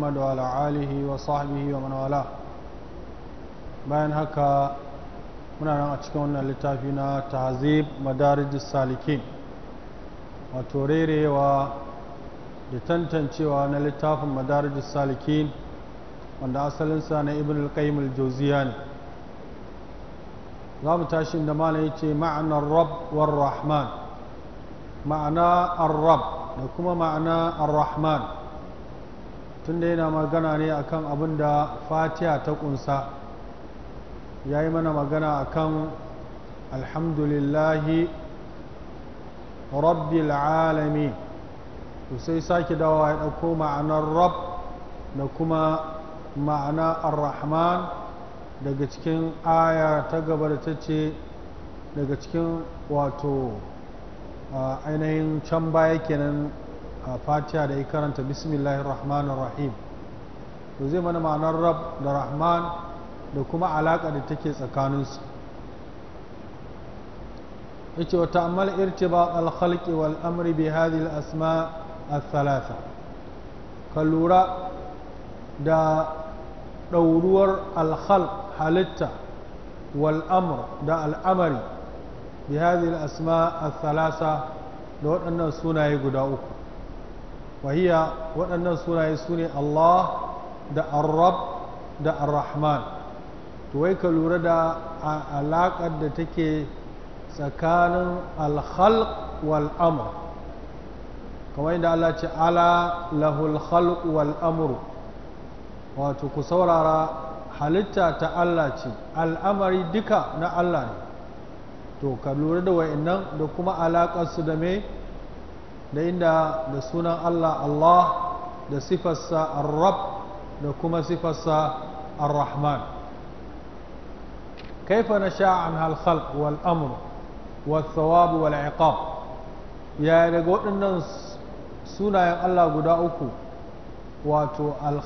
محمد وعلى آله وصحبه ومن والاه bayan haka muna nan a cikin wannan littafi na tahzib madarijus salikin wato rerewa da tantancewa na littafin madarijus salikin wanda asalinsa na ibn al-qayyim al-jawziya ne za mu tashi da malam yace ma'anar rab war rahman ma'ana ar da kuma ma'ana ar-rahman tun da yana magana ne akan abin da fatiha ta kunsa ya yi mana magana a akan alhamdulillahi rabbil alami to sai sake dawa ya ɗauko ma'anar rab da kuma ma'ana ar-rahman daga cikin aya ta gaba da ta ce daga cikin wato ainihin can baya kenan a fatiha da ya karanta bismillahir rahmanir rahim to zai mana ma'anar rab da rahman da kuma alaƙa da take tsakaninsu yace wa ta'ammal irtibat al-khalqi wal amri bi hadhihi al-asma al-thalatha ka lura da ɗauruwar al-khalq halitta wal amr da al'amari bi hadhihi al-asma al-thalatha da waɗannan sunaye guda uku wahiya waɗannan sunaye su ne Allah da Arab da Ar-Rahman to wai ka lura da alaƙar da take tsakanin al-khalq wal amr kamar yadda Allah ce ala lahul khalq wal wato ku saurara halitta ta Allah ce al'amari duka na Allah ne to ka lura da wa'annan da kuma alaƙarsu da me da inda da sunan Allah Allah da sifarsa ar-rab da kuma sifarsa ar-rahman kaifa na an al-khalq wal thawab wal iqab ya daga waɗannan sunayen Allah guda uku wato al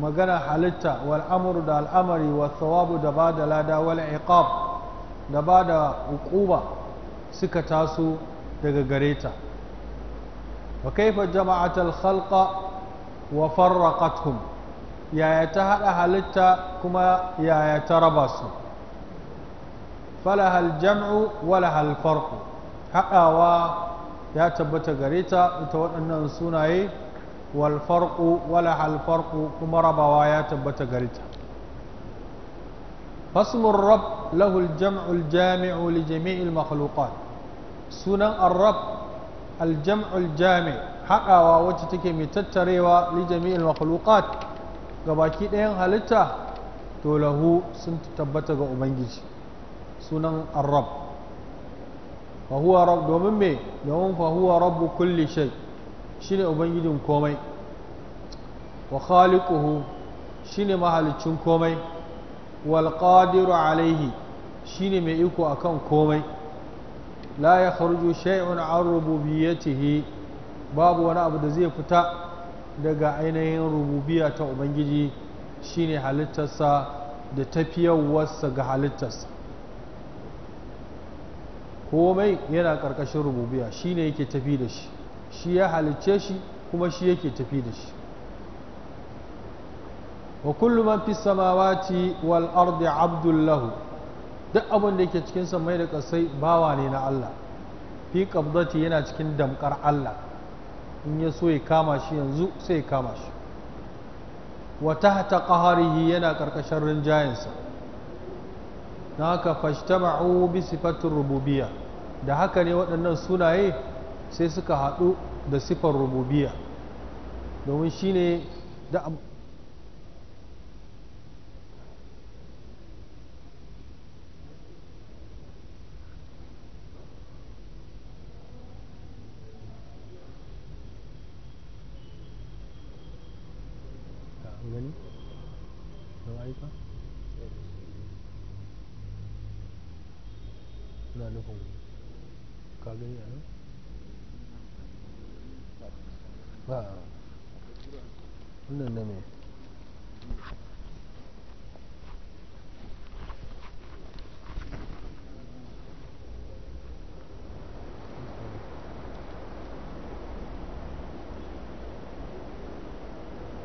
magana halitta wal da al'amari wal thawab da ba da lada wal iqab da ba da uquba suka taso daga gareta وكيف جمعت الخلق وفرقتهم يا يتهد أهلتا كما يا يتربص فلها الجمع ولها الفرق حقاوا يا تبت غريتا وتوأن سناي والفرق ولها الفرق كما ربوا يا تبت غريتا فاسم الرب له الجمع الجامع لجميع المخلوقات سنن الرب aljam'ul jami haɗawa wacce take mai tattarewa li jami'il makhluqat ga baki ɗayan halitta to lahu sun tabbata ga ubangiji sunan arab fa huwa domin me domin fa rabbu kulli shay shine ubangijin komai wa khaliquhu shine mahalicin komai wal qadiru alaihi shine mai iko akan komai la ya kharuju shay'un an rububiyyatihi babu wani abu da zai fita daga ainihin rububiya ta ubangiji shine halittarsa da tafiyarwarsa ga halittarsa komai yana ƙarƙashin rububiya shi ne yake tafi da shi shi ya halicce shi kuma shi yake tafi da shi wa kullu man fi samawati wal ardi abdullahu duk abin da yake cikin samai da kasai bawa ne na Allah fi qabdati yana cikin damkar Allah in ya so ya kama shi yanzu sai ya kama shi wa tahta qaharihi yana karkashin rinjayensa na haka fashtama'u bi sifatir rububiyya da haka ne waɗannan sunaye sai suka haɗu da sifar rububiyya domin shine da ni Kalau air apa? Nak ada hong Kali ni ada Haa Mana ni ni?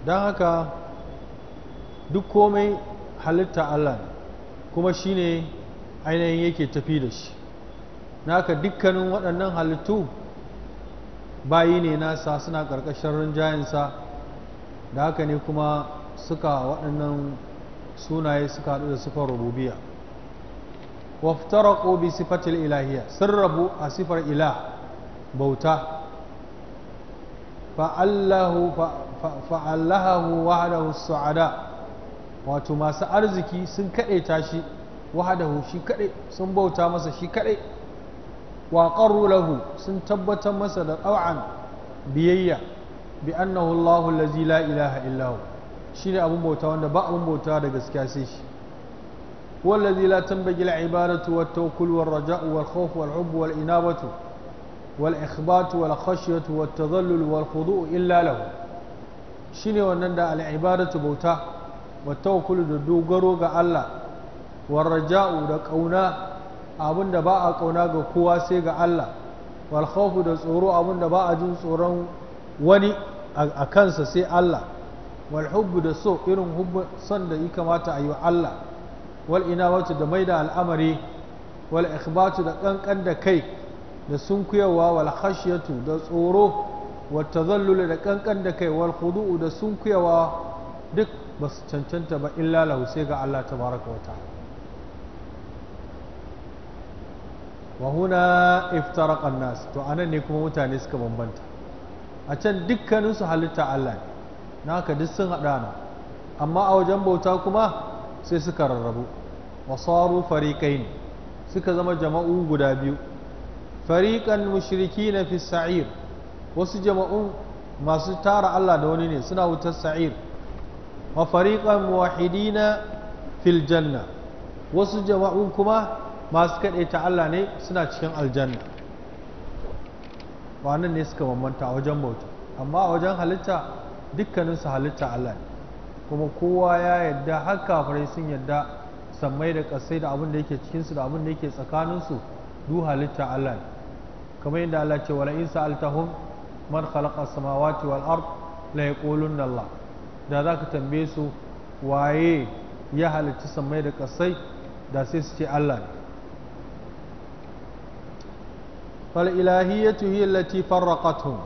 Dah kah? duk komai halitta Allah ne kuma shi ne ainihin yake tafi da shi naka dukkanin waɗannan halittu bayi ne nasa suna ƙarƙashin rinjayensa da haka ne kuma suka waɗannan sunaye suka haɗu da sufar rububiya waftaraqu bi sifatil ilahiyya sun rabu a sifar ila bauta fa'allahu fa'allahu wahdahu su'ada wato masu arziki sun kaɗaita shi wahadahu shi kaɗai sun bauta masa shi kaɗai wa lahu sun tabbatar masa da ɗau'an biyayya bi annahu Allahu allazi la ilaha illahu ne abun bauta wanda ba abun bauta da gaskiya sai shi wallazi la tanbaghi al-ibadatu wat-tawakkul war-raja'u wal-khawf wal-'ubbu wal-inabatu wal-ikhbatu wal-khashyatu wat-tadhallul illa wannan da ibadatu bauta wa tawakkul da dogaro ga Allah wa raja'u da kauna abinda ba a kauna ga kowa sai ga Allah wal khawfu da tsoro abinda ba a jin tsoron wani a kansa sai Allah wal hubbu da so irin hubbu son da ya kamata a yi wa Allah wal inawatu da maida al'amari wal ikhbatu da kankan da kai da sunkuyawa wal khashyatu da tsoro wa tazallul da kankan da kai wal khudu'u da sunkuyawa duk ba su cancanta ba illa lahu sai ga Allah ta baraka wata wa huna iftaraqa nas to anan ne kuma mutane suka bambanta a can dukkanin su halitta Allah ne naka duk sun haɗa na amma a wajen bauta kuma sai suka rarrabu wa saru fariqain suka zama jama'u guda biyu fariqan mushrikina fi sa'ir wasu jama'un masu tara Allah da wani ne suna wutar sa'ir wa fariqan muwahidina fil janna wasu jama'un kuma masu kade ta Allah ne suna cikin aljanna wannan ne suka bambanta a wajen bauta amma a wajen halitta dukkaninsu halitta Allah ne kuma kowa ya yadda har kafirai sun yadda sammai da kasai da abin da yake cikinsu da abin da yake tsakaninsu du halitta Allah ne kamar yadda Allah ce wala in sa'altahum man khalaqa samawati wal ard la yaqulunna Allah da za ka tambaye su waye ya halicci samai da kasai da sai su ce Allah ne fal ilahiyyatu hiya farraqatuhum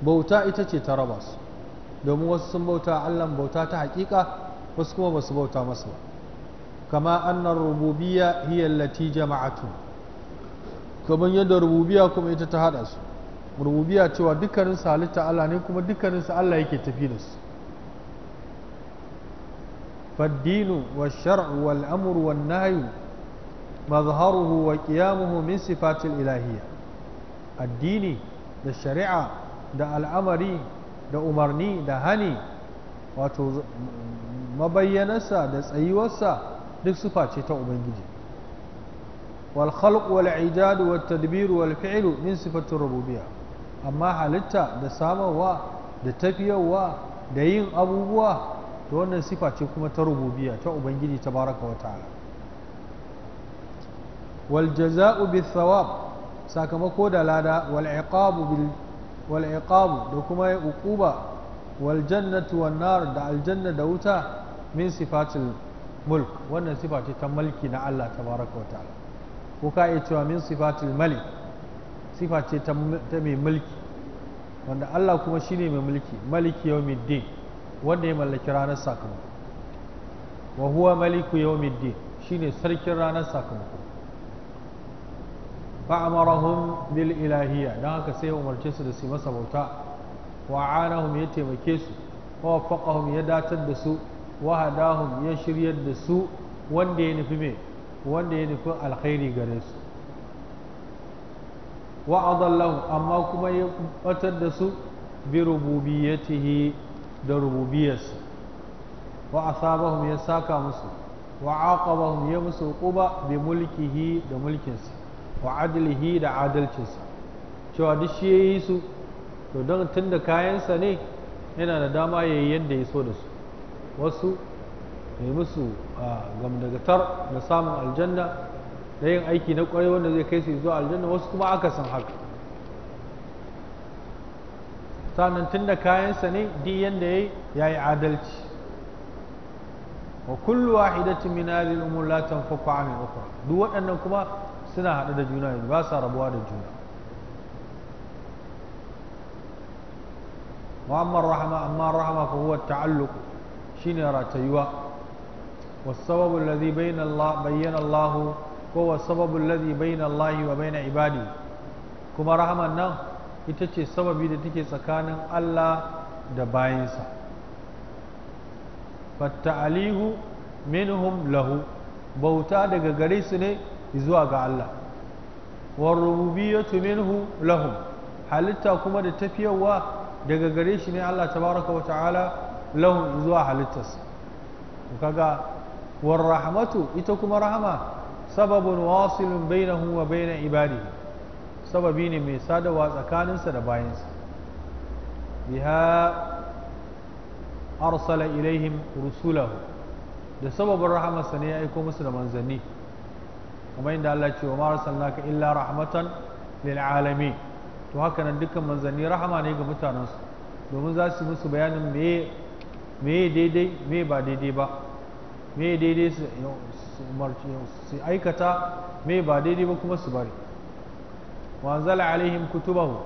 bauta ita ce ta raba su domin wasu sun bauta Allah bauta ta hakika wasu kuma basu bauta masa ba kama annar rububiyya hiya allati jama'atu kamar yadda rububiyya kuma ita ta hada su rububiyya cewa dukkanin halitta Allah ne kuma dukkanin Allah yake tafi da su فالدين والشرع والأمر والنهي مظهره وقيامه من صفات الإلهية الدين da shari'a da al'amari da umarni da hani wato mabayyanarsa da tsayuwarsa duk sufa ce ta ubangiji wal khalq wal ijad wal tadbir wal fi'l min sifatir rububiyya amma halitta da samarwa da tafiyarwa da yin abubuwa to wannan sifa ce kuma ta rububiyya ta ubangiji tabaraka wa ta'ala wal jazaa'u bis thawab sakamako da lada wal iqabu bil wal iqabu da kuma uquba wal jannatu wan nar da al janna da wuta min sifatil mulk wannan sifa ce ta mulki na Allah tabaraka wa ta'ala ko ka yi cewa min sifatil malik sifa ce ta mai mulki wanda Allah kuma shine mai mulki maliki yawmiddin wanda ya mallaki ranar sakamako wa huwa maliku yawmiddin shine sarkin ranar sakamako fa amarahum bil ilahiyya dan haka sai umarce su da su masa bauta wa anahum ya taimake su wa waffaqahum ya datar da su wa hadahum ya shiryar da su wanda ya nufi me wanda ya nufi alkhairi gare su wa adallahu amma kuma ya batar da su bi rububiyyatihi da rububiyarsu wa asabahum ya saka musu wa aqabahum ya musu quba bi mulkihi da mulkinsa wa adlihi da adalcinsa cewa duk shi yayi su to don tunda kayansa ne yana da dama yayi yadda ya so da su wasu ya musu musu gamdagatar da samun aljanna da yin aiki na kwarai wanda zai kai su zuwa aljanna wasu kuma aka san haka sannan tun da kayansa ne duk yadda ya yi ya yi adalci wa kullu wahidati min hadhihi al-umur la tanfaku an al-ukhra duk waɗannan kuma suna haɗu da juna ba sa rabuwa da juna wa amma rahama amma rahama fa huwa ta'alluq shine ratayuwa والسبب bayyana بين الله بين الله هو السبب الذي wa الله ibadi kuma كما nan. ita ce sababi da take tsakanin Allah da bayansa fatta'alihu minhum lahu bauta daga gare su ne zuwa ga Allah warububiyatu minhu lahu halitta kuma da tafiyarwa daga gare shi ne Allah tabaraka wata'ala lahu zuwa halittarsa kaga warrahmatu ita kuma rahama sababun wasilun bainahu wa baina ibadihi sababi ne mai sadarwa tsakaninsa da bayansa biha arsala ilaihim rusulahu da sababin rahamarsa ne ya aiko musu da manzanni kamar inda Allah ce wa ma arsalnaka illa rahmatan lil alamin to haka nan dukkan manzanni rahama ne ga mutanensu domin za su musu bayanin me me daidai me ba daidai ba me daidai su aikata me ba daidai ba kuma su bari wa alaihim kutubahu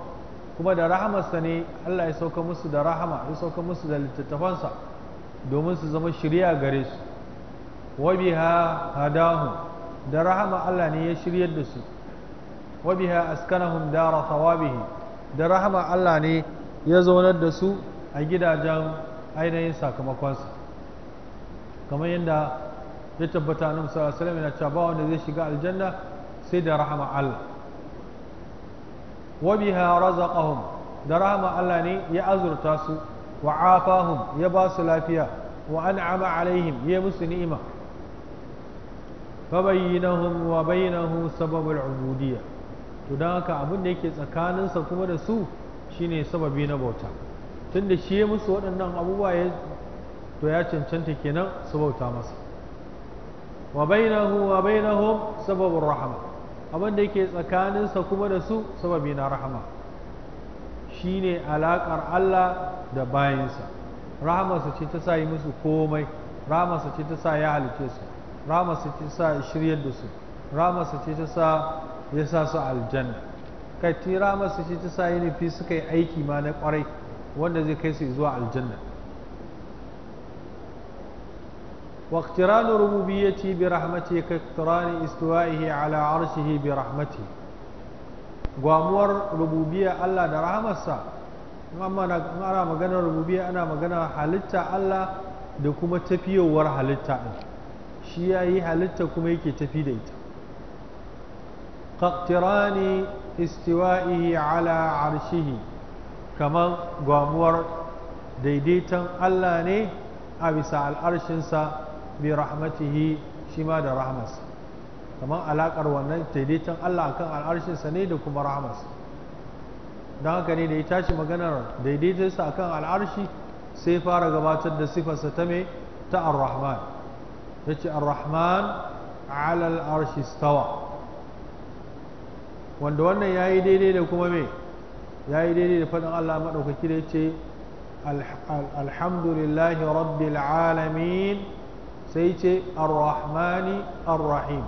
kuma da rahamarsa ne Allah ya sauka musu da rahama ya sauka musu da littattafansa domin su zama shirya gare su wa biha da rahama Allah ne ya shiryar da su wa biha askanahum dara thawabihi da rahama Allah ne ya zaunar da su a gidajen ainihin sakamakonsa kamar yadda ya tabbata annabi sallallahu alaihi wasallam yana cewa ba wanda zai shiga aljanna sai da rahama Allah wa biha razaqahum da rahama Allah ne ya azurta su wa afahum ya ba su lafiya wa an'ama alaihim ya musu ni'ima fa wa bainahu sababul ubudiyya to dan haka abin da yake tsakaninsa kuma da su shine sababi na bauta tunda shi ya musu waɗannan abubuwa ya to ya cancanta kenan su bauta masa wa bainahu wa bainahum sababur rahama abin da yake tsakaninsa kuma da su sababi na rahama shi ne alaƙar Allah da bayansa rahamarsa ce ta sa yi musu komai rahamarsa ce ta sa ya halice su rahamarsa ce ta sa shiryar da su rahamarsa ce ta sa ya sa su aljanna kai ti rahamarsa ce ta sa yi nufi suka yi aiki ma na kwarai wanda zai kai su zuwa aljanna واقتران ربوبيته برحمته كاقتران استوائه على عرشه برحمته غامور ربوبيه الله ده رحمته amma na ara magana rububiyya ana magana halitta Allah da kuma tafiyawar halitta din shi yayi halitta kuma yake tafi da ita qatirani istiwa'ihi ala 'arshihi kamar gwamwar daidaitan Allah ne a bisa al'arshinsa bi rahmatihi shi ma da rahmas kamar alakar wannan daidaiton Allah al'arshinsa ne da kuma rahmas don haka ne da ya tashi maganar a akan al'arshi sai fara gabatar da sifarsa ta mai ta ar-rahman ya ce ar-rahman ala al'arshi stawa wanda wannan ya yi daidai da kuma mai ya yi daidai da faɗin Allah maɗaukaki da ya ce alhamdulillahi rabbil alamin sai ce ar arrahim ya rahim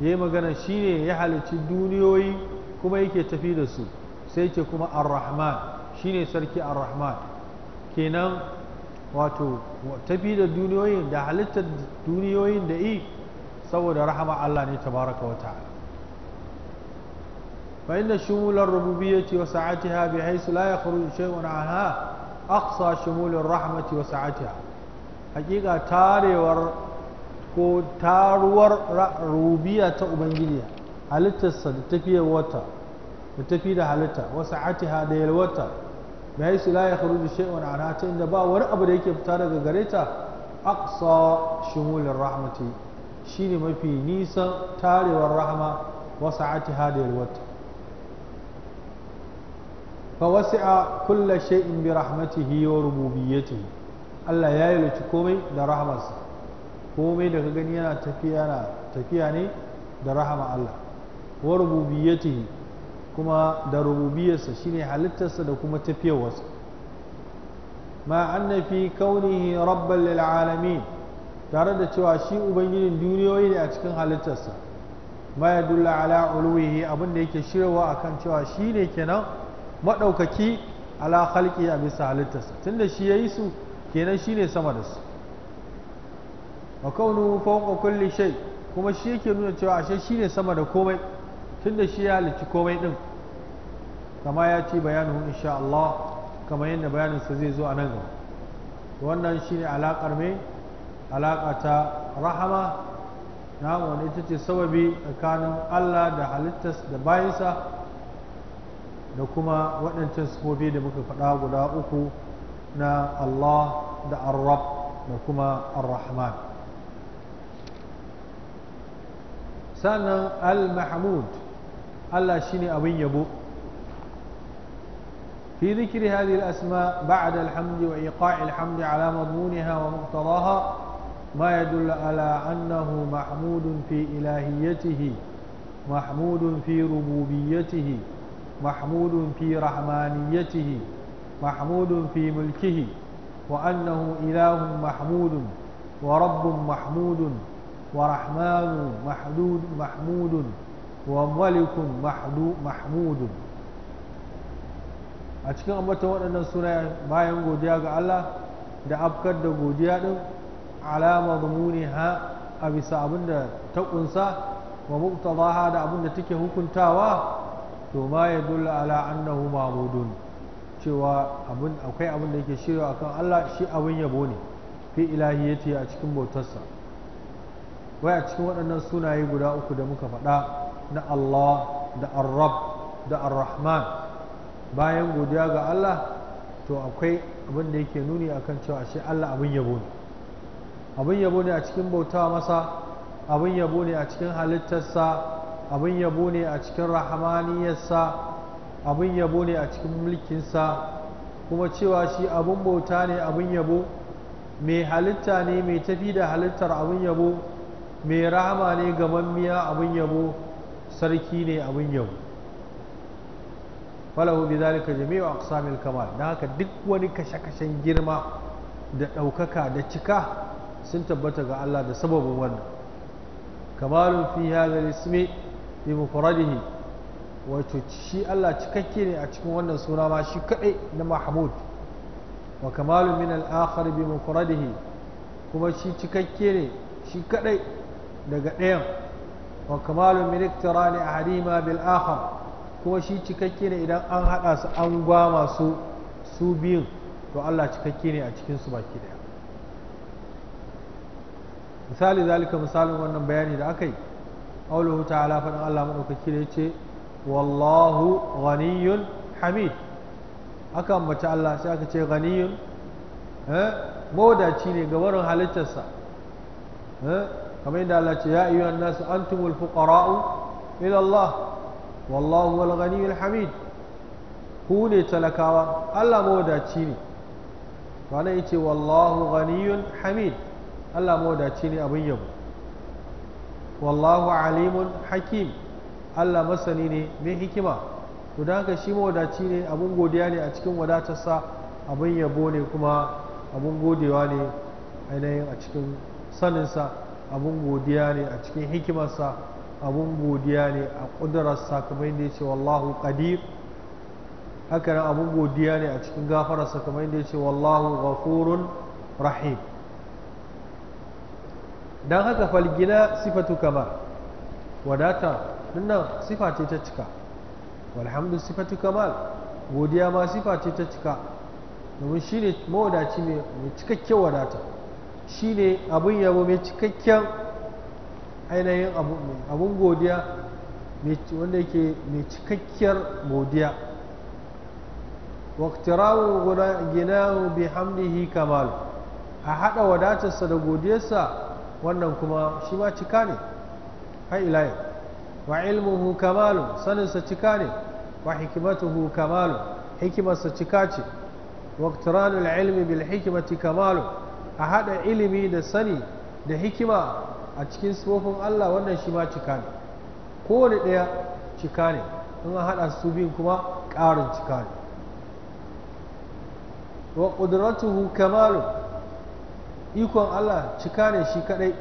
yayi magana shine ya halicci duniyoyi kuma yake tafi da su sai ce kuma ar-rahman shine sarki ar-rahman kenan wato tafi da duniyoyin da halittar duniyoyin da i saboda rahama Allah ne tabaraka wa ta'ala fa inna shumul ar-rububiyyati wa sa'atiha bihaythu la yakhruju shay'un anha aqsa shumul ar-rahmati wa sa'atiha hakika tarewar ko taruwar rubiya ta ubangiji halittarsa da tafiyar wata da tafi da halitta wasu atiha da yalwata da ya sila ya da ana ta inda ba wani abu da yake fita daga gare ta aqsa shumulin rahmati shine mafi nisan tarewar rahama wasu atiha da yalwata fa wasi'a kulla shay'in bi rahmatihi wa rububiyyatihi Allah ya yi komai da rahamarsa komai da gani yana tafiya ne da rahama Allah wa rububiyyatihi kuma da rububiyarsa shine halittarsa da kuma tafiyarsa ma anna fi kaunihi rabban lil tare da cewa shi ubangijin duniyoyi ne a cikin halittarsa ma yadulla ala uluwihi abin da yake shirwa akan cewa shi ne kenan maɗaukaki ala khalqi a bisa halittarsa tunda shi ya yi su kenan shi ne sama da su wa kaunu fawqa kulli shay kuma shi yake nuna cewa ashe ne sama da komai tunda shi ya halici komai din kama ya ci bayanin insha Allah kama yadda bayanin sa zai zo a nan gaba wannan shi ne alakar mai alaka ta rahama na wani ita ce sababi tsakanin Allah da halittas da bayansa da kuma waɗancan sufofi da muka faɗa guda uku na Allah da Arab da kuma Ar-Rahman sannan Al-Mahmud Allah shine abin yabo في ذكر هذه الأسماء بعد الحمد وإيقاع الحمد على مضمونها ومقتضاها ما يدل على أنه محمود في إلهيته محمود في ربوبيته محمود في رحمانيته محمود في ملكه وأنه إله محمود ورب محمود ورحمن محدود محمود وملك محمود a cikin ambata waɗannan suna bayan godiya ga Allah da afkar da godiya ɗin alama zumuni ha a bisa abin da ta ƙunsa wa mubtadaha da abin da take hukuntawa to ma ya dulla ala annahu mamudun cewa akwai abin da yake shirya akan Allah shi abin yabo ne fi ilahiyyati a cikin bautarsa wai a cikin waɗannan sunaye guda uku da muka faɗa na Allah da Arab da Ar-Rahman bayan godiya ga Allah to akwai abin da yake nuni akan cewa shi Allah abin yabo ne abin yabo ne a cikin bauta masa abin yabo ne a cikin halittarsa abin yabo ne a cikin rahamaniyarsa abin yabo ne a cikin mulkinsa kuma cewa shi abin bauta ne abin yabo mai halitta ne mai tafi da halittar abin yabo mai rahama ne ga gamammiya abin yabo sarki ne abin yabo falahu bi zalika jami'u aqsamil kamal dan haka duk wani kashe-kashen girma da ɗaukaka da cika sun tabbata ga Allah da sababin wannan kamalun fi hadha ismi bi mufradihi wato shi Allah cikakke ne a cikin wannan suna ma shi kadai na mahmud wa kamalu min al-akhar bi mufradihi kuma shi cikakke ne shi kadai daga ɗayan wa kamalu min iktirani ahadima bil akhar kuma shi cikakke ne idan an haɗa su an gwama su su biyun to Allah cikakke ne a cikin su baki ɗaya. misali zalika misalin wannan bayani da aka yi Allah ta'ala faɗin Allah maɗaukaki da ya ce wallahu ghaniyun hamid aka ambaci Allah sai aka ce ghaniyun eh, mawadaci ne ga barin halittarsa eh, kamar yadda Allah ce ya an nasu antumul fuqara'u ila Allah wallahu wal ghaniyul hamid ku ne talakawa Allah mawadaci ne to nan yace wallahu ghaniyun hamid Allah mawadaci ne abin yabo wallahu alimun hakim Allah masani ne mai hikima to da haka shi mawadaci ne abun godiya ne a cikin wadatarsa abin yabo ne kuma abun godewa ne ainihin a cikin saninsa abun godiya ne a cikin hikimarsa abun godiya ne a ƙudurarsa kamar yadda ya ce wallahu ƙadir haka nan abun godiya ne a cikin gafararsa kamar yadda ya ce wallahu ghafurun rahim don haka falgina sifatu kamar wadata dinnan sifa ce ta cika walhamdu sifatu kamal godiya ma sifa ce ta cika domin shi ne mawadaci mai cikakken wadata shi ne abin yabo mai cikakken ainihin abin godiya wanda yake mai cikakkiyar godiya waktirawo gina bi hamdihi kamal a haɗa wadatarsa da godiyarsa wannan kuma shi ma cika ne har ila wa ilmuhu kamalu saninsa cika ne wa hikimatuhu kamalu hikimarsa cika ce waktiranul ilmi bil hikimati kamalu a haɗa ilimi da sani da hikima a cikin sufofin Allah wannan shi ma cika ne ɗaya cika ne in an haɗa su biyun kuma ƙarin cika ne wa ƙudratuhu kamalu ikon Allah cika ne shi kaɗai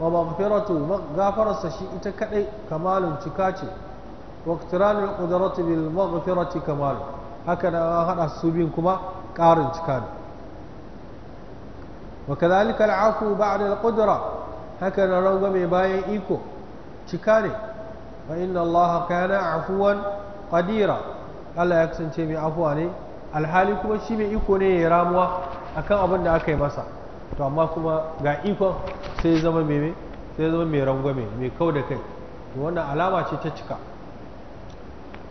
wa maghfiratu gafararsa shi ita kadai kamalun cika ce wa iqtiranul qudrati bil maghfirati kamalu haka na hada su biyun kuma karin cika ne wa kadhalika al ba'da al qudra haka na rangwame bayan iko cika ne fa inna Allah kana afuwan qadira Allah ya kasance mai afuwa ne alhali kuma shi mai iko ne ya ramuwa akan abin da aka yi masa to amma kuma ga ikon sai zama mai sai zama mai rangwame mai kau da kai to wannan alama ce ta cika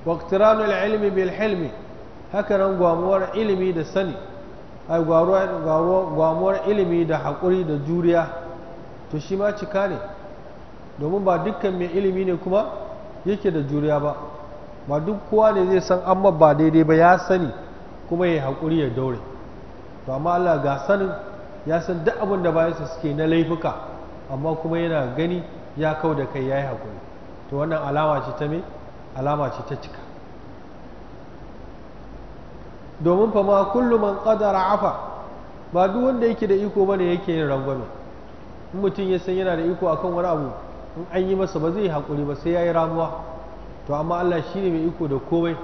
waqtiranul ilmi bil hilmi haka nan gwamuwar ilimi da sani ai gwamuwar ilimi da haƙuri da juriya to shi ma cika ne domin ba dukkan mai ilimi ne kuma yake da juriya ba ba duk kowa ne zai san amma ba daidai ba ya sani kuma ya haƙuri ya daure to amma Allah ga sanin ya san duk abin da bayansa suke na laifuka amma kuma yana gani ya kau da kai ya yi haƙuri to wannan alama ce ta me alama ce ta cika domin fa ma kullu man qadara afa ba duk wanda yake da iko bane yake yin rangwame in mutum ya san yana da iko akan wani abu in an yi masa ba zai haƙuri ba sai ya yi ramuwa to amma Allah shi ne mai iko da komai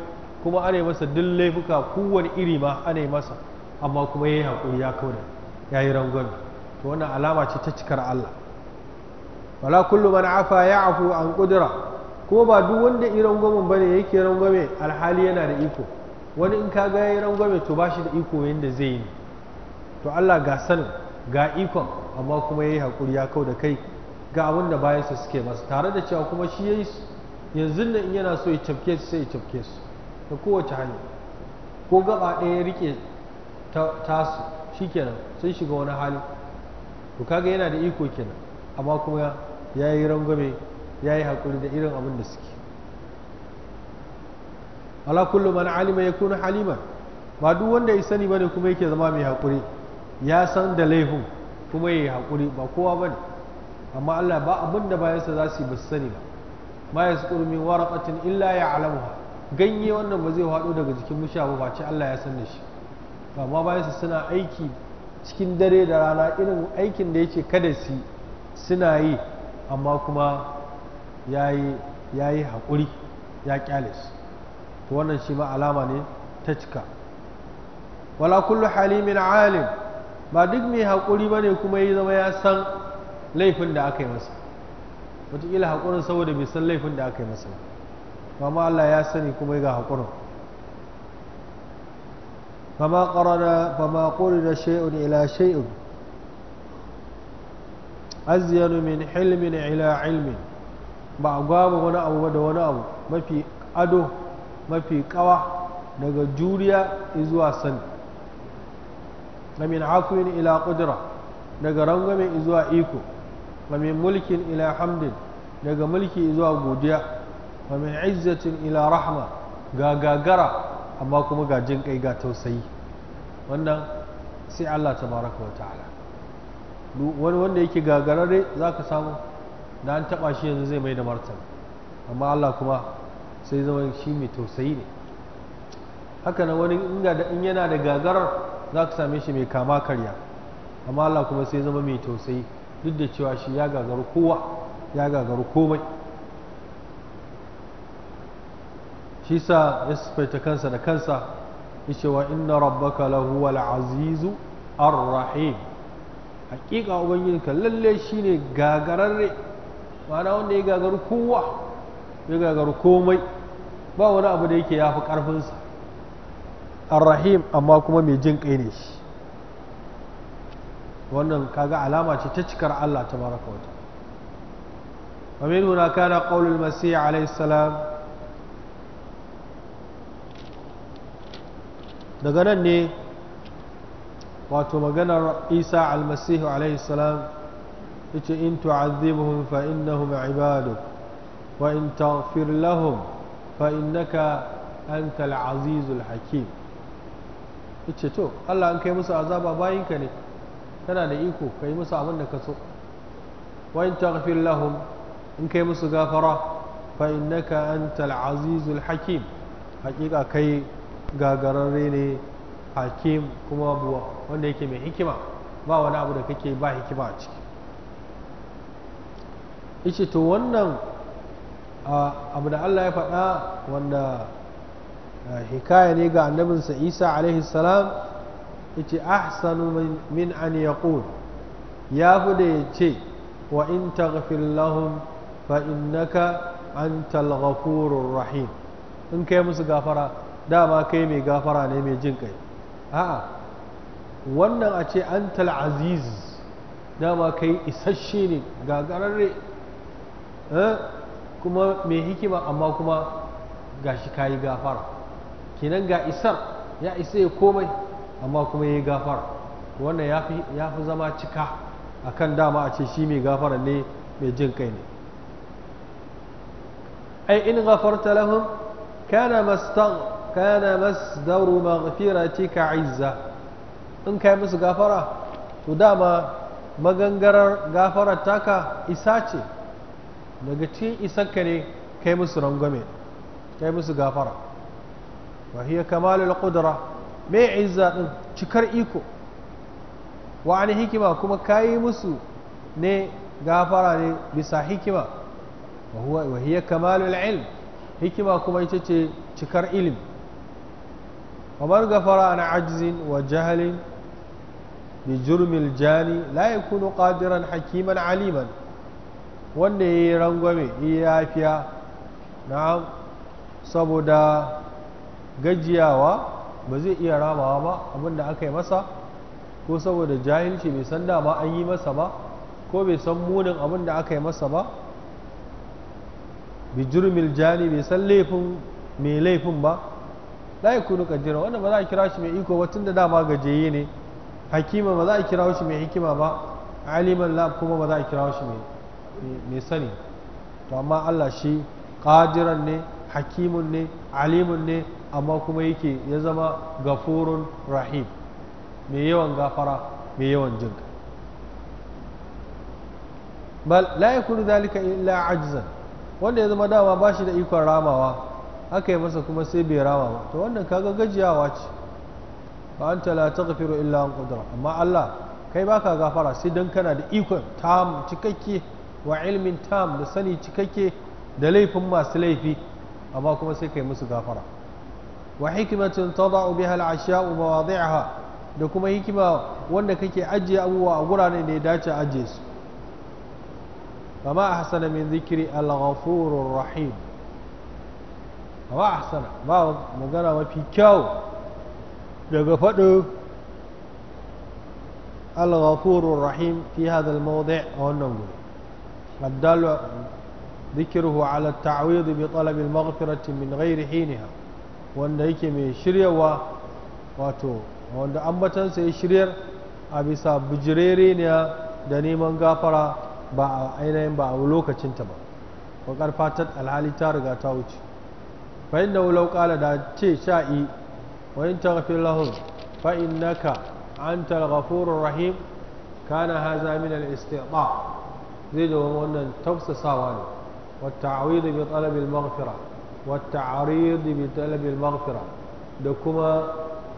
kuma ana yi masa duk laifuka kowane iri ma ana yi masa amma kuma ya yi haƙuri ya kauda ya yi rangwami to wannan alama ce ta cikar Allah wala kullu man afa ya afu an kudura ko ba duk wanda yi rangwamin bane yake rangwame alhali yana da iko wani in ka ga ya yi rangwame to ba shi da iko yanda zai yi to Allah ga sanin ga ikon amma kuma ya yi haƙuri ya kau da kai ga abin da bayansa suke masu tare da cewa kuma shi ya yi yanzu nan in yana so ya cafke su sai ya cafke su da kowace hanya ko gaba ɗaya ya riƙe tasu shi kenan sun shiga wani hali to kaga yana da iko kenan amma kuma ya yi rangwame ya yi haƙuri da irin abin da suke ala kullum ana alima ya kuna halima ba duk wanda ya sani bane kuma yake zama mai haƙuri ya san da laifin kuma ya yi haƙuri ba kowa bane amma Allah ba abin da bayansa za su yi ba sani ba ma ya min illa ya alamuha ganye wannan ba zai haɗu daga jikin musha ba ce Allah ya san da shi amma su suna aiki cikin dare da rana irin aikin da yake kada su suna yi amma kuma ya yi haƙuri ya kyale su to wannan shi ma alama ne ta cika wala kullu halimin alim ba duk mai haƙuri ba ne kuma ya zama ya san laifin da aka yi masa wataƙila haƙurin saboda bai san laifin da aka yi masa ba amma Allah ya sani kuma ya ga haƙurin فما قرن فما قرن شيء إلى شيء أزين من حلم إلى علم ba a gwaba wani abu ba wani abu mafi ado mafi ƙawa daga juriya zuwa sani na min afuwin ila kudura daga rangwame zuwa iko wa min mulkin ila hamdin daga mulki zuwa godiya wa min ila rahma ga gagara amma kuma ga ga tausayi wannan sai Allah ta wa ta'ala wani wanda yake gagarare za ka samu da an taɓa shi yanzu zai mai da martani amma Allah kuma sai zama shi mai tausayi ne haka nan wani in yana da gagarar za ka same shi mai kama karya amma Allah kuma sai zama mai tausayi duk da cewa shi ya gagaru kowa ya gagaru komai shi sa ya sufaita kansa da kansa yace wa inna rabbaka lahuwal azizu ar-rahim hakika ubangijinka lalle shine gagararre ma'ana wanda ya gagaru kowa ya gagaru komai ba wani abu da yake yafi karfinsa ar-rahim amma kuma mai jin kai ne shi wannan kaga alama ce ta cikar Allah ta wa ta'ala wa min huna kana qaulul masih alayhi salam daga nan ne wato maganar isa almasihu alaihi salam ita in tu'azzibuhum fa innahum ibaduk wa in taghfir lahum fa innaka antal azizul hakim yace to Allah an kai musu azaba ka ne kana da iko kai musu abin da ka so wa in taghfir lahum in kai musu gafara fa innaka antal azizul hakim hakika kai gagararre ne hakim kuma buwa wanda yake mai hikima ba wani abu da kake ba hikima a ciki ice to wannan abu da Allah ya faɗa wanda hikaya ne ga annabinsa isa alaihi salam ice ahsanu min an yaqul ya fi da ya ce wa in taghfir lahum fa innaka antal ghafurur rahim in kai musu gafara dama kai mai gafara ne mai jin kai a'a wannan a ce antal aziz dama kai isasshe ne gagararre eh, kuma mai hikima amma kuma gashi kayi gafara Kinan ga isar ya isa ya komai amma kuma ya yi gafara wannan ya fi zama cika akan dama a ce shi mai gafara ne mai jin kai ne ai in gafarta lahum kana mastagh kana masdaru maghfiratika izza in kai musu gafara to dama magangarar gafara taka isa ce daga cikin isarka ne kai musu rangwame kai musu gafara wa hiya kamalul qudra me izza din cikar iko wa an hikima kuma kayi musu ne gafara ne bisa hikima wa hiya kamalul ilm hikima kuma ita ce cikar ilimi kamar gafara na ajzin wa jahalin bi jani la yakunu kadiran hakiman aliman wanda ya yi rangwame iya yafiya na saboda gajiyawa ba zai iya ramawa ba abinda aka yi masa ko saboda jahilci bai san dama an yi masa ba ko bai san munin abin aka yi masa ba bi jani bai san laifin mai laifin ba la yakunu qadira wanda ba za a kira shi mai iko ba da dama gajeye ne hakima ba za a kira shi mai hikima ba aliman la kuma ba za a kira shi mai sani to amma Allah shi qadiran ne hakimun ne alimun ne amma kuma yake ya zama gafurun rahim mai yawan gafara mai yawan jin bal la yakunu dalika illa ajzan wanda ya zama dama ba shi da ikon ramawa aka yi masa kuma sai bai rama ba to wannan kaga gajiyawa ce ba an tala ta gafiro illa an kudura amma Allah kai baka gafara sai dan kana da ikon tam cikakke wa ilmin tam da sani cikakke da laifin masu laifi amma kuma sai kai musu gafara wa hikmatin tada'u biha al-ashya'u mawadhi'aha da kuma hikima wanda kake ajiye abubuwa a ne da ya dace ajiye su فما min من ذكر wa ahsana ba magana mafi kyau daga faɗo al-ghafurur rahim fi hadha al-mawdi' a wannan guri addalu ذكره على التعويض بطلب المغفرة من غير حينها wanda yake mai shiryawa wato wanda ambatansa ya shiryar a bisa bijirere ne da neman gafara ba a ainihin ba a lokacinta ba ko karfatar alhali ta riga ta wuce fa inna law qala da ce sha'i wa in taghfir lahum fa innaka antal ghafurur rahim kana haza min al istida zai da wannan tafsasawa ne wa ta'awid bi talab al maghfira da kuma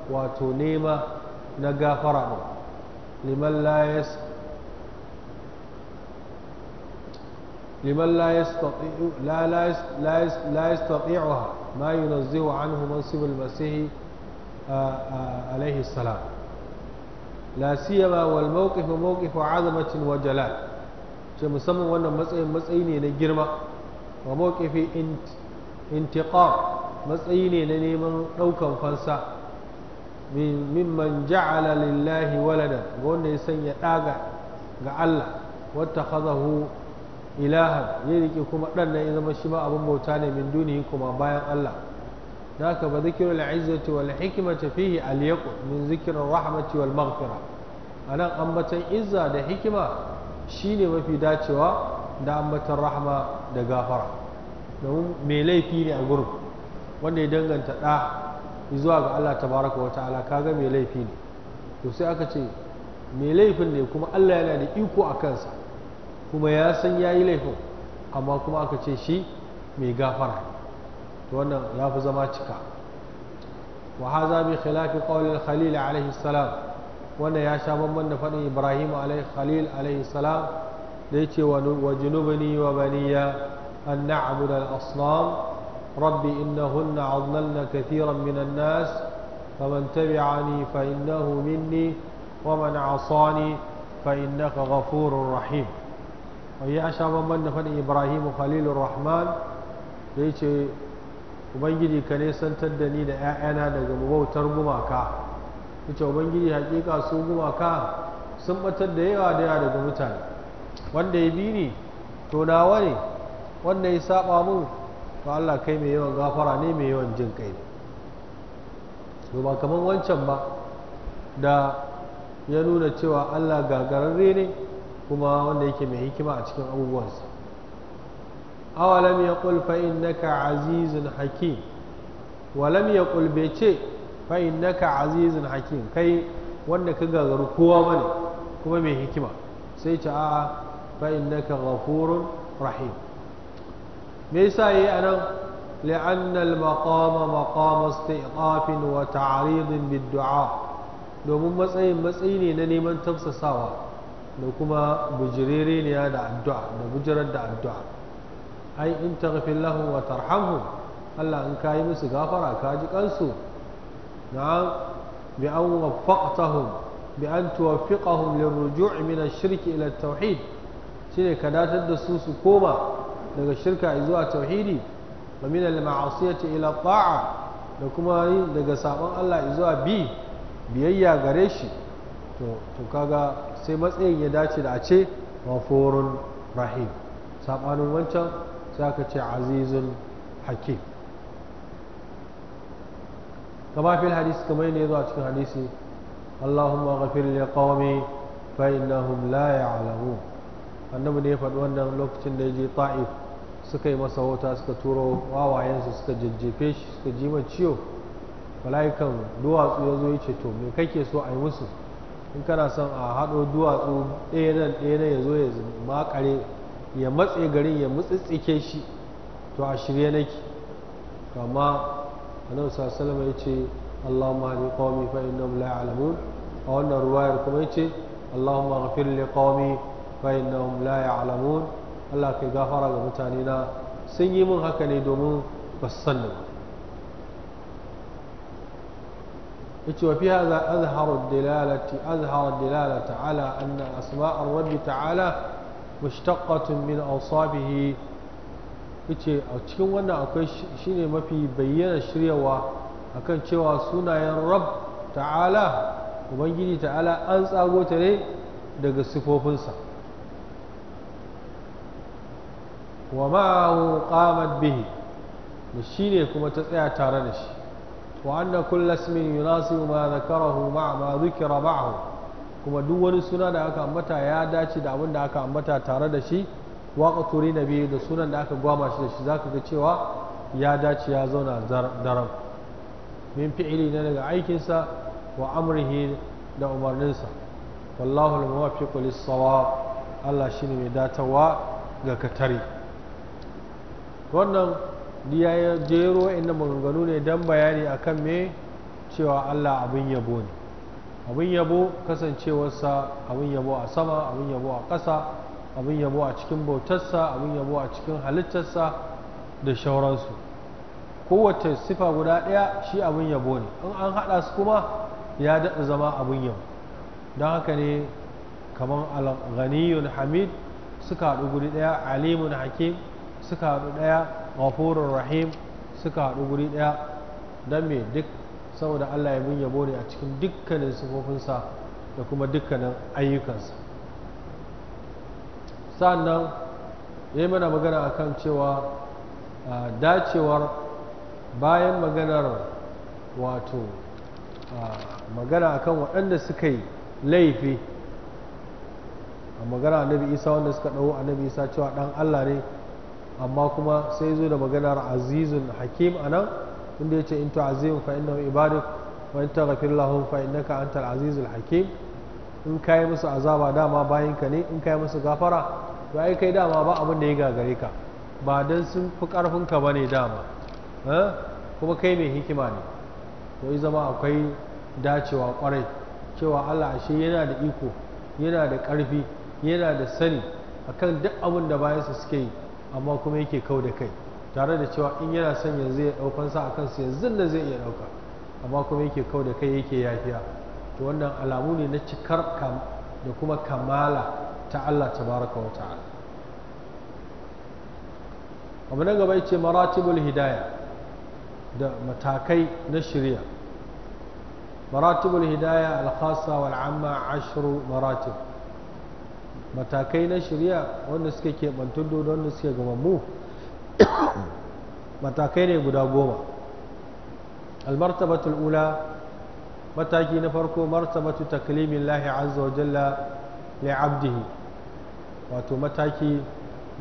wato nema na gafara din liman liman ما ينزه عنه منصب المسيح عليه السلام لا سيما والموقف موقف عظمة وجلال ce musamman wannan matsayin matsayi ne na girma wa mawqifi intiqam matsayi ne na neman ɗaukan fansa mimman ja'ala lillahi walada wanda ya sanya ɗaga ga Allah wata khazahu ilahan ya rike kuma ɗan nan ya zama shi ma abin bauta ne min duniyi kuma bayan Allah naka ba zikirul izzati wal hikmati fihi al min zikrir rahmati wal maghfira anan ambatan izza da hikima shine mafi dacewa da ambatan rahma da gafara domin mai laifi ne a gurin wanda ya danganta da zuwa ga Allah tabaraka wa ta'ala kaga mai laifi ne to sai aka ce mai laifin ne kuma Allah yana da iko a kansa kuma ya san yayi laifin amma kuma aka ce shi mai gafara to wannan ya fi zama cika wa haza bi khilafi qawli al khalil alayhi salam wanda ya sha bamban da fadin ibrahim alayhi khalil alayhi salam da yace ce wa junubni wa baniya an na'bud al asnam rabbi innahunna adlalna kathiran min an nas faman tabi'ani fa innahu minni ومن عصاني فإنك غفور رحيم wai ya sha bamban da faɗin ibrahimu khalilur rahman da ya ce ubangiji ka ne san da ni da 'ya'yana daga bautar gumaka ya ce ubangiji hakika su gumaka sun batar da yawa da yawa daga mutane wanda ya bi ni to nawa ne wanda ya saba mun to Allah kai mai yawan gafara ne mai yawan jin kai to ba kaman wancan ba da ya nuna cewa Allah gagararre ne kuma wanda yake mai hikima a cikin abubuwansa awalam ya ƙul fa'innaka azizun hakim walam ya ƙul bai ce fa'innaka azizun hakim kai wanda ka gagaru kowa ba kuma mai hikima sai ce a fa'innaka ghafurun rahim me yasa yi a nan لأن المقام مقام استيقاف وتعريض بالدعاء domin matsayin matsayi ne na neman tafsasawa da kuma bujiririya da addu'a da bujirar da addu'a ai in taghfir lahum wa tarhamhum Allah in ka yi musu gafara ka ji kansu na'am bi an waffaqtahum bi an tuwaffiqahum lirruju' min ash-shirki ila at-tauhid shine ka datar da su su koma daga shirka zuwa tauhidi wa min al-ma'asiyati ila ta'a da kuma daga sabon Allah zuwa bi biyayya gare shi to to kaga sai matsayin ya dace da a ce ghafurun rahim saɓanin wancan za ka ce azizun hakim kama fil hadisi kamar ne zuwa cikin hadisi Allahumma ghafir li qaumi fa innahum la ya'lamun annabi ne ya faɗi wannan lokacin da ya je ta'if suka yi masa wata suka turo wawayensu suka jajjefe shi suka ji ciwo mala'ikan duwatsu ya zo ya ce to me kake so a yi musu in kana son a haɗo duwatsu ɗaya nan ɗaya nan ya zo ya makare ya matse garin ya mutsitsike shi to a shirye nake amma annabi sallallahu alaihi ya ce Allahumma hadi qaumi fa innahum la ya'lamun a wannan ruwayar kuma ya ce Allahumma ghafir li qaumi fa innahum la ya'lamun Allah kai gafara ga mutane na sun yi min haka ne domin ba su ba yace wa fi hadha azharu dilalati azharu dilalata ala anna asma'ar rabbi ta'ala mushtaqatun min awsabihi yace a cikin wannan akwai shine mafi bayyana shiryawa akan cewa sunayen rabb ta'ala ubangiji ta'ala an tsago ta ne daga sifofinsa wa ma'ahu qamat bihi shi kuma ta tsaya tare da shi وأن كل اسم يناسب ما ذكره مع ما ذكر kuma duk wani suna da aka ambata ya dace da abin da aka ambata tare da shi waƙaturi na biyu da sunan da aka gwama shi da shi za ka ga cewa ya dace ya zauna daram min fi'ili na daga aikinsa wa amrihi da umarninsa wallahu al-muwaffiqu lis-sawab Allah shine mai datawa ga katari wannan ya jero inda maganganu ne don bayani a kan me cewa Allah abin yabo ne abin yabo kasancewarsa abin yabo a sama abin yabo a ƙasa abin yabo a cikin bautarsa abin yabo a cikin halittarsa da shauransu kowace sifa guda ɗaya shi abin yabo ne in an haɗa su kuma ya daɗa zama abin yabo don haka ne kamar al hamid suka haɗu guri ɗaya alimun hakim suka haɗu ɗaya ghafurur rahim suka haɗu guri ɗaya don me duk saboda Allah ya bin yabo ne a cikin dukkanin sifofinsa da kuma dukkanin ayyukansa sannan ya yi mana magana akan cewa dacewar bayan maganar wato magana kan waɗanda suka yi laifi a magana annabi isa wanda suka ɗau annabi isa cewa ɗan Allah ne amma kuma sai zo da maganar azizun hakim a nan inda yace in tu'azim fa innahu ibadik wa in taghfir lahum fa innaka antal azizul hakim in kai musu azaba dama bayan ka ne in kai musu gafara to ai kai dama ba abin da ya gagare ka ba dan sun fi karfin ka bane dama eh? kuma kai mai hikima ne to yi zama akwai dacewa kwarai cewa Allah ashe yana da iko yana da karfi yana da sani akan duk abin da su suke yi amma kuma yake kau da kai tare da cewa in yana son yanzu ya ɗaukan sa a kansa yanzu da zai iya ɗauka amma kuma yake kau da kai yake yafiya to wannan alamu ne na cikar kam da kuma kamala ta Allah tabaraka wa ta'ala abu na gaba yace maratibul hidaya da matakai na shirya maratibul hidaya alkhasa wal amma ashru maratib matakai na shirya wanda suke keɓantun da wanda suke mu matakai ne guda goma almartabatul ula mataki na farko martabatu taklimin lahi azza wa jalla abdihi wato mataki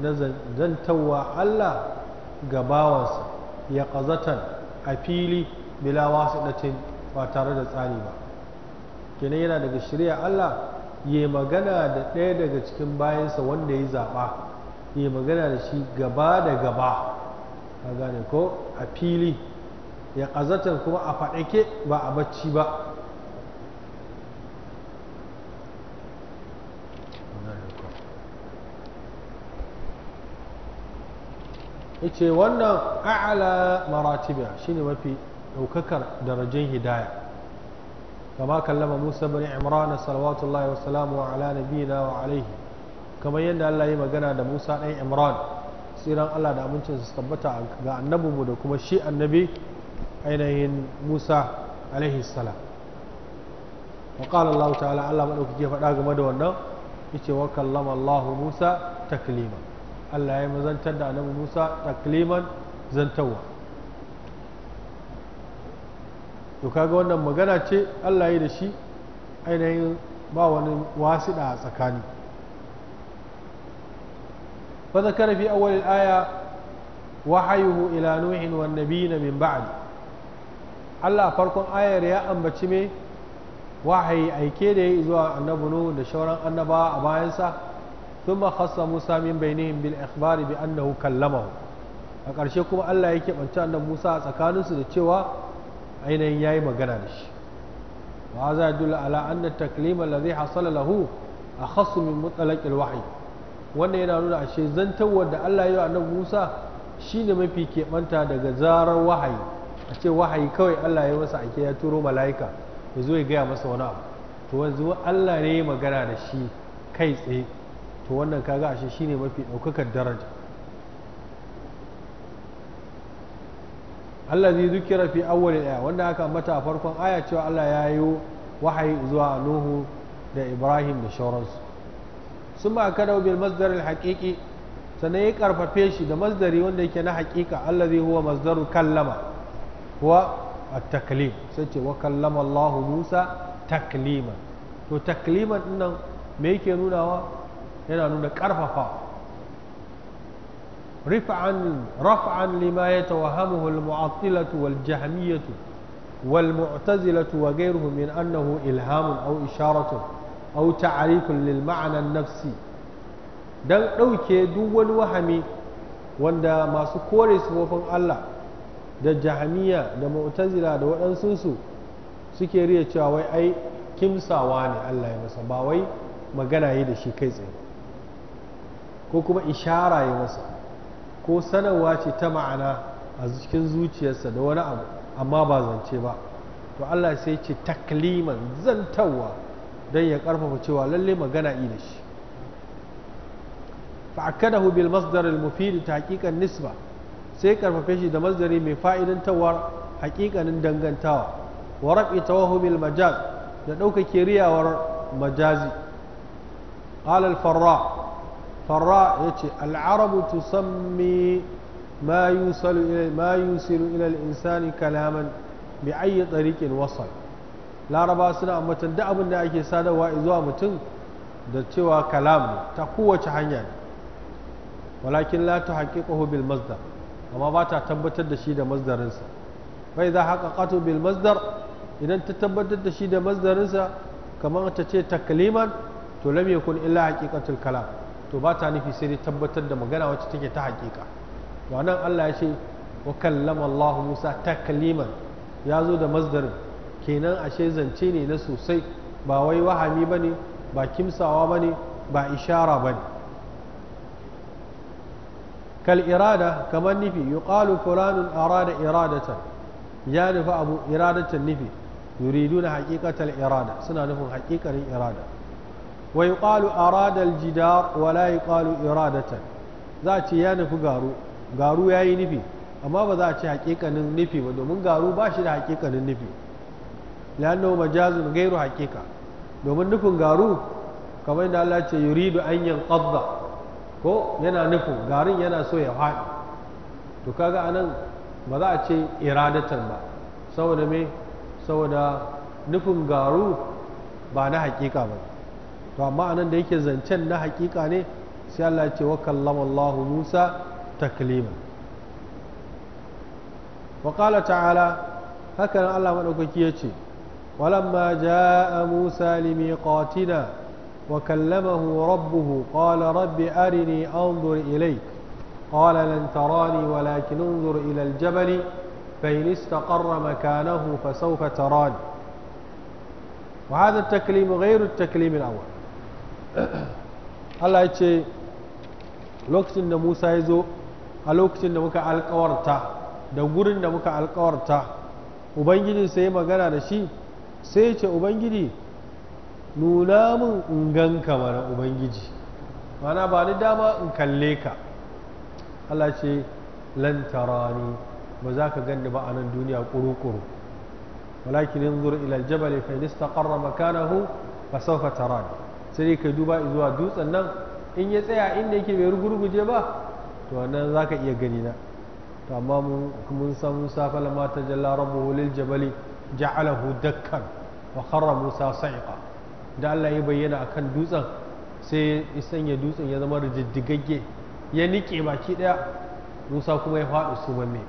na zantawa Allah ga bawansa ya ƙazatan a fili bila wasu ba tare da tsari ba kenan yana daga shirya Allah ya magana da ɗaya daga cikin bayansa wanda ya zaɓa ya magana da shi gaba da gaba a gane ko a fili ya ƙazatar kuma a faɗake ba a bacci ba ce wannan a'ala maratibiya shine mafi ɗaukakar darajar hidaya كما كلم موسى بن عمران صلوات الله وسلامه على نبينا وعليه كما يند الله يما جنا ده موسى بن عمران سيران الله ده أمنتي ga عن mu da kuma shi annabi ainihin Musa alaihi salam wa qala Allah ta'ala Allah madaukake faɗa game da wannan yace wa kallama Allah Musa taklima Allah ya mazantar da annabi Musa takliman zantawa to kaga wannan magana ce Allah ya da shi ainihin ba wani wasiɗa a tsakani fa zakara fi aya wahayuhu ila nuhin na nabiyina min ba'ad Allah farkon ayar ya ambaci me wahayi aike da yayi zuwa annabi nuhu da shauran annabawa a bayansa ثم خص موسى من بينهم bi بأنه kallama a ƙarshe kuma Allah yake keɓance annabi Musa a tsakaninsu da cewa ainihin yayi magana da shi wa za dula ala anna taklim alladhi hasala lahu a hasumin mutlaq wahayi wannan yana nuna ashe zantawar da Allah ya yi annabi Musa shine mafi keɓanta daga zarar wahayi a ce wahayi kawai Allah ya masa ake ya turo mala'ika ya zo ya gaya masa wani abu to wanzu Allah ne ya magana da shi kai tsaye to wannan kaga ashe shine mafi ɗaukakar daraja allazi zukira fi awwal aya wanda aka mata farkon aya cewa Allah ya yi wahayi zuwa Nuhu da Ibrahim da shauransu sun ba ka bil masdar al haqiqi sannan ya karfafe shi da masdari wanda yake na haqiqa allazi huwa masdaru kallama wa at taklim sai ce wa kallama Allah Musa takliman to takliman dinnan me yake nunawa yana nuna karfafawa rifa'an rafa'an lima ya al-mu'attilatu wal-jahmiyatu wal wa ghayruhu min annahu ilhamun au isharatu au ta'arifun lil nafsi dan dauke duk wani wahami wanda masu kore sifofin Allah da jahamiya da mu'tazila da waɗansu suke riya cewa wai ai kimsawa ne Allah ya masa ba wai magana yi da shi kai tsaye ko kuma ishara yi masa ko sanarwa ce ta ma'ana a cikin zuciyarsa da wani abu amma ba zance ba to Allah sai ce takliman zantawa don ya karfafa cewa lalle magana ina shi fa'akadahu bil masdar al mufid tahqiqan nisba sai karfafe shi da masdari mai fa'idan tawar haƙiƙanin dangantawa wa rab'i tawahumil majaz da ɗaukake riyawar majazi qala al farra farra ya ce al'arabu tusammi ma yusilu ila al'insani kalaman bi ayyi tsarikin wasal laraba suna ambatan duk abin da ake sadarwa zuwa mutum da cewa kalam ta kowace hanya ne walakin la ta haƙiƙahu bil mazdar amma ba ta tabbatar da shi da mazdarinsa bai za haƙaƙatu bil mazdar idan ta tabbatar da shi da mazdarinsa kamar ta ce takliman to lam yakun illa haqiqatul kalam to ba ta nufi sai dai tabbatar da magana wacce take ta hakika to nan Allah ya ce wa kallama Allah Musa takliman ya zo da masdarin kenan ashe zance ne na sosai ba wai wahami bane ba kimsawa bane ba ishara bane kal irada kamar nufi yuqalu fulanun arada iradatan ya nufi abu iradatan nufi yuriduna haqiqatal irada suna nufin haqiqarin irada wa ƙwalu arada jida wa la yuqalu iradatan za a ce ya nufi garu garu yayi nufi amma ba za a ce nufi ba domin garu ba shi da hakikanin nufi lanno majazun gairu hakika domin nufin garu kamar da Allah ce yuridu an yanqadha ko yana nufin garin yana so ya faɗi to kaga anan ba za a ce iradatan ba saboda me saboda nufin garu ba na hakika ba to amma anan da yake zancen na hakika ne sai Allah ya ce wa kallama Allah Musa taklima wa qala ta'ala haka nan Allah madaukaki yace walamma jaa Musa limiqatina wa kallamahu rabbuhu qala rabbi arini anzur ilayk قال لن تراني ولكن انظر إلى الجبل فإن استقر مكانه فسوف تراني وهذا التكليم غير التكليم الأول Allah ya ce lokacin da Musa ya zo a lokacin da muka alkawarta da gurin da muka alkawarta ubangiji sai magana da shi sai ce ubangiji nuna mun in ganka mana ubangiji mana ba ni dama in kalle ka Allah ce lan tarani ba za ka gani ba a nan duniya kuru-kuru walakin yanzur ila aljabal fa in istaqarra makanahu fa sawfa tarani sai dai kai duba zuwa dutsen nan in ya tsaya inda yake bai rugurguje ba to nan za ka iya gani na to amma mun san musa falama ta jalla rabbuhu lil jabali ja'alahu dakkan wa kharra musa sa'iqa da Allah ya bayyana akan dutsen sai ya sanya dutsen ya zama rijiddigagge ya nike baki daya musa kuma ya faɗi su mamme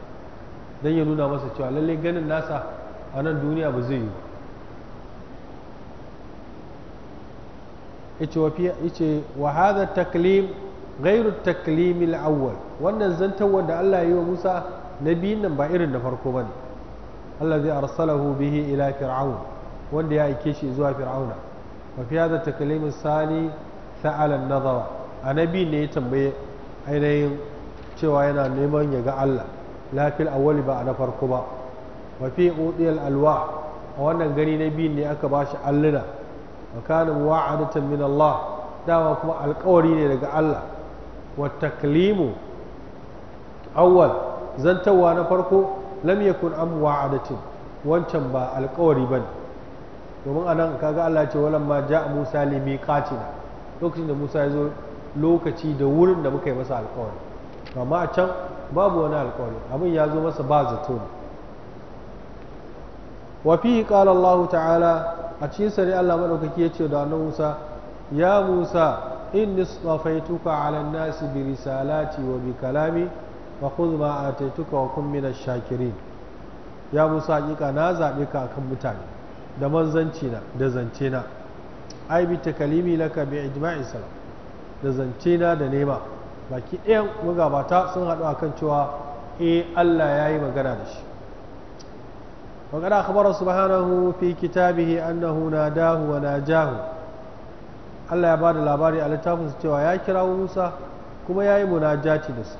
dan ya nuna masa cewa lallai ganin nasa a nan duniya ba zai yi ba yace wa hadha taklim ghairu taklimil awwal wannan zantar da Allah yi wa Musa na nan ba irin da farko bane allazi arsalahu bihi ila fir'aun wanda ya aike shi zuwa fir'auna wa fi hadha taklim sani sa'ala an-nadara annabi ne ya tambaye ainihin cewa yana neman ya ga Allah lafil awwali ba a na farko ba wa fi udiyal alwa a wannan gani na biyun ne aka bashi alluna wa kana wa'adatan min Allah dama kuma alƙawari ne daga Allah wa taklimu awwal zantawa na farko lam yakun am wa'adatin wancan ba alƙawari bane domin anan kaga Allah ce walam ma ja'a Musa li miqatina lokacin da Musa ya zo lokaci da wurin da muka yi masa alƙawari amma a can babu wani alƙawari abin ya zo masa ba zato ne wa fihi qala Allah ta'ala a cikin sare Allah madaukaki ya ce da annabi Musa ya Musa inni istafaituka ala nasi bi risalati wa bi kalami wa khudh ma ataituka wa kun minash shakirin ya Musa hakika na zabe ka akan mutane da manzanci na da zance na ai bi takalimi laka bi ijma'i salam da zance na da nema baki ɗayan magabata sun haɗu akan cewa eh Allah ya yi magana da shi وقد أخبر سبحانه في كتابه أنه ناداه وناجاه الله يا بعد الأباري على تافنس تيوا يا كرا موسى كما يا مناجاتي نس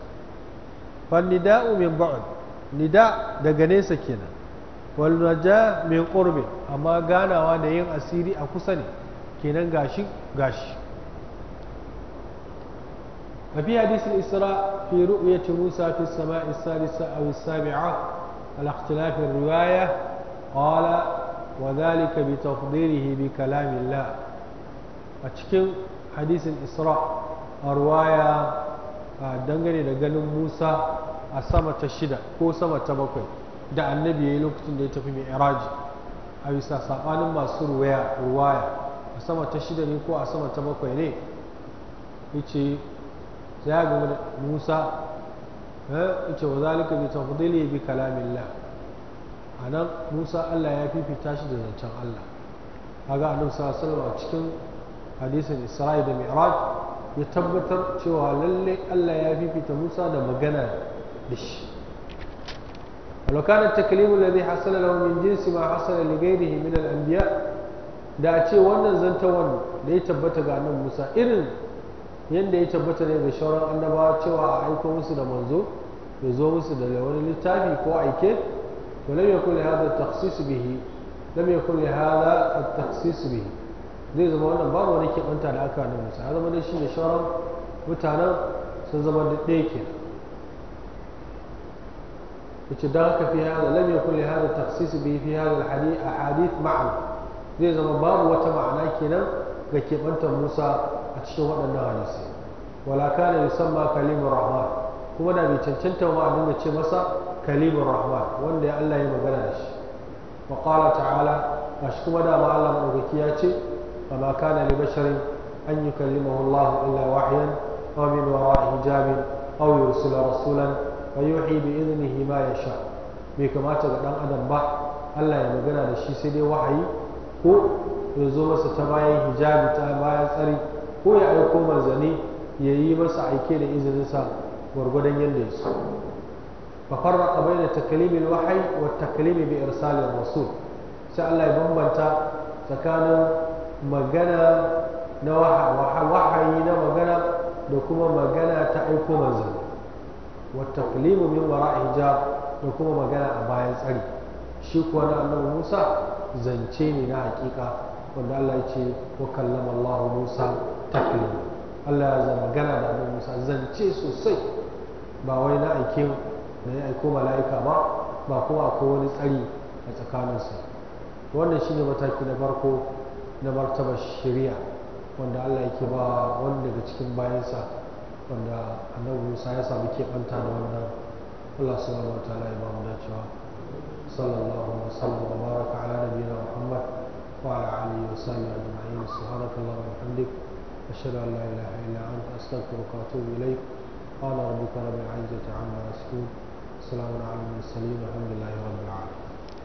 فالنداء من بعد نداء دغنيسا كينا والنجاة من قرب أما غانا وانا ين أسيري أكسني كينا غاشي غاشي ففي حديث الإسراء في رؤية موسى في السماء السادسة أو السابعة على اختلاف الرواية قال وذلك بتفضيله بكلام الله أتشكل حديث الإسراء رواية dangane da ganin Musa a sama ta shida ko sama ta bakwai da annabi ya yi lokacin da ya tafi mai iraji a bisa saɓanin masu ruwaya a sama ta shida ne ko a sama ta ne ya Musa ce wa zalika bi tafdili bi la anan Musa Allah ya fifita shi da zancen Allah kaga annabi sallallahu alaihi wasallam cikin hadisin Isra'i da Mi'raj ya tabbatar cewa lalle Allah ya fifita Musa da magana da shi ولو كان التكليم الذي حصل له من جنس ما حصل لغيره من الأنبياء da a ce wannan zantawan da ya tabbata ga annabi Musa irin yadda ya tabbata ne ga shauran annabawa cewa a aiko musu da manzo ya zo musu da wani littafi ko aike to lam yakun hada takhsis bihi lam yakun hada takhsis bihi zai zama wannan babu wani kebanta da aka nuna musa ya zama dai shi da shauran mutanen sun zama da ɗaya ke yace dan haka fi hada lam yakun hada takhsis bihi fi hada alhadith hadith ma'an zai zama babu wata ma'ana kenan ga kebantar musa cikin waɗannan hadisi wala kana yusamma kalimur rahman kuma da bai cancanta ma a ce masa kalimur rahman wanda ya Allah ya magana da shi wa qala ta'ala shi kuma da ma Allah madaukaki ya ce fa ma kana li basharin an yukallimahu Allah illa wahyan aw min wara'i hijabin aw yursila rasulan fa yuhi bi idnihi ma yasha bai kamata ga dan adam ba Allah ya magana da shi sai dai wahayi ko ya zo masa ta bayan hijabi ta bayan tsari ko ya aiko manzanni ya yi masa aike da izininsa gwargwadon yadda ya so fafarra bai da takalimin wahai wa takalimi bi irsalin rasul sai Allah ya bambanta tsakanin magana na wahayi na magana da kuma magana ta aiko manzanni wa takalimu min wara hijab da kuma magana a bayan tsari shi kuwa na annabi Musa zance ne na hakika wanda Allah ya ce wa kallama Allah Musa taƙi Allah ya zama magana da abin Musa zance sosai ba wai na aike da ya aiko mala'ika ba ba kuma akwai wani tsari a tsakaninsu wannan shine mataki na farko na martabar shari'a wanda Allah yake ba wani daga cikin bayansa wanda annabi Musa ya samu keɓanta da wannan Allah su wa ta'ala ya ba mu dacewa sallallahu alaihi wa baraka ala nabiyina Muhammad wa ala alihi wa ajma'in wa bihamdika أشهد أن لا إله إلا أنت أستغفرك وأتوب إليك قال ربك رب العزة عما يصفون سلام على المرسلين والحمد لله رب العالمين